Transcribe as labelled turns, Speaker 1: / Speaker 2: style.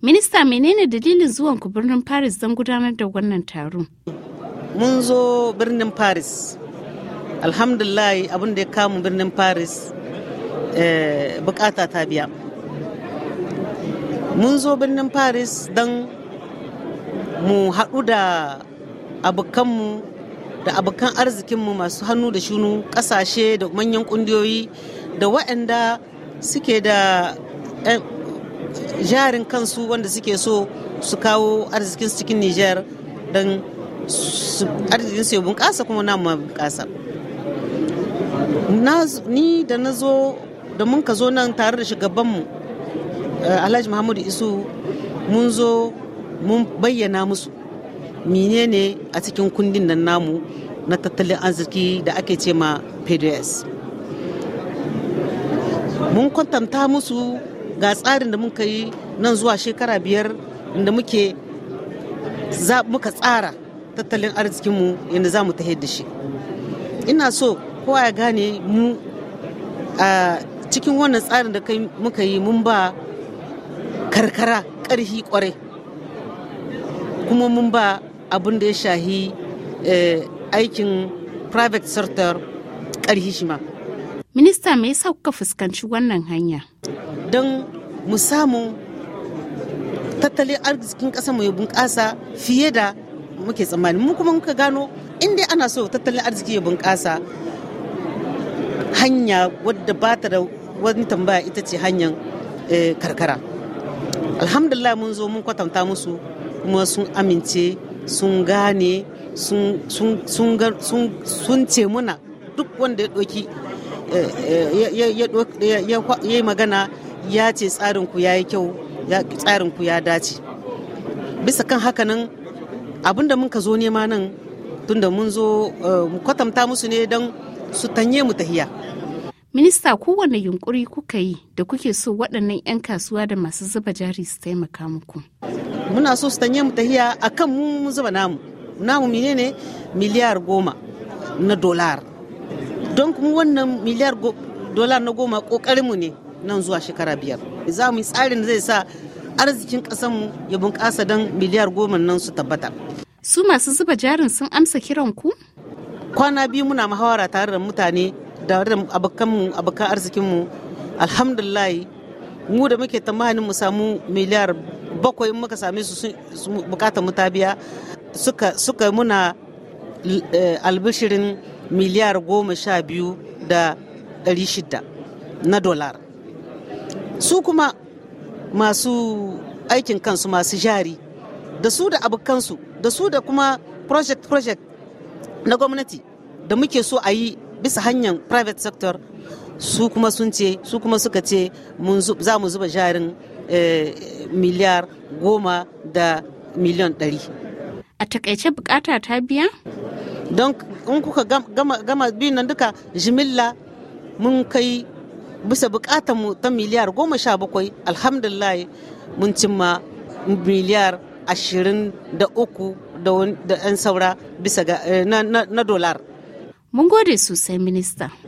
Speaker 1: Minista menene dalilin zuwan ku birnin Paris don gudanar da wannan taro? Mun zo birnin Paris. Alhamdulillah abin da ya kamu birnin Paris eh, bukata ta biya. Mun zo birnin Paris don mu haɗu da abokanmu da abokan arzikinmu masu hannu da shunu ƙasashe da manyan ƙungiyoyi da waɗanda suke da eh, jarin kansu wanda suke so su kawo arzikin cikin Nijar don arzikin su ya bunƙasa kuma na ma bunƙasa. Ni da na zo da mun ka zo nan tare da shugabanmu eh, Alhaji Muhammadu Isu mun zo mun bayyana musu menene a cikin kundin nan namu na tattalin arziki da ake ce ma PDS. Mun kwatanta musu ga tsarin da muka yi nan zuwa shekara biyar inda muke muka tsara tattalin arzikinmu yadda za mu tahe da shi ina so kowa ya gane mu a cikin wannan tsarin da muka yi mun ba karkara karhi kwarai kuma mun ba abin da ya shahi e, aikin private sector karhi shi ma minista me yasa kuka fuskanci wannan hanya don mu samu tattalin arzikin kasa mai bunƙasa fiye da muke tsammani mu kuma muka gano inda ana so tattalin arziki ya bunƙasa hanya wadda ba ta da wani tambaya ita ce hanyar eh, karkara alhamdulillah mun zo mun kwatanta musu kuma sun amince sun gane sun ce muna duk wanda ya ɗauki ya yi magana ya ce tsarinku ya yi kyau tsarinku ya dace bisa kan haka nan abinda mun ka zo nema nan tunda mun zo kwatanta musu ne don su tanye mu tahiya minista kowane yunkuri kuka yi da kuke so waɗannan 'yan kasuwa da masu zuba jari su taimaka muku muna so su tanye mu tahiya akan mu zuba namu namu ne miliyar goma na dolar don kuma wannan miliyar dola na goma ƙoƙarinmu ne nan zuwa shekara biyar za mu yi tsarin zai sa arzikin ƙasanmu ya bunƙasa don miliyar goma nan su tabbata su masu zuba jarin sun amsa kiran ku kwana biyu muna muhawara tare da mutane da abokanmu abokan arzikinmu alhamdulillah mu da muke tamanin mu samu miliyar bakwai muka same su bukatar mu suka muna eh, albishirin miliyar goma sha biyu da ɗari shida na dolar su kuma masu aikin kansu masu jari da su da abokansu da su da kuma project project na gwamnati da muke so a yi bisa hanyar private sector su kuma sun ce su kuma suka ce za mu zuba jarin eh, miliyar goma da miliyan ɗari a takaice bukata ta biya don in kuka gama biyu nan duka jimilla mun kai bisa bukatar mu ta miliyar goma sha bakwai alhamdulillah mun cimma miliyar ashirin da uku da yan saura bisa ga eh, na dolar. Mun gode sosai minista.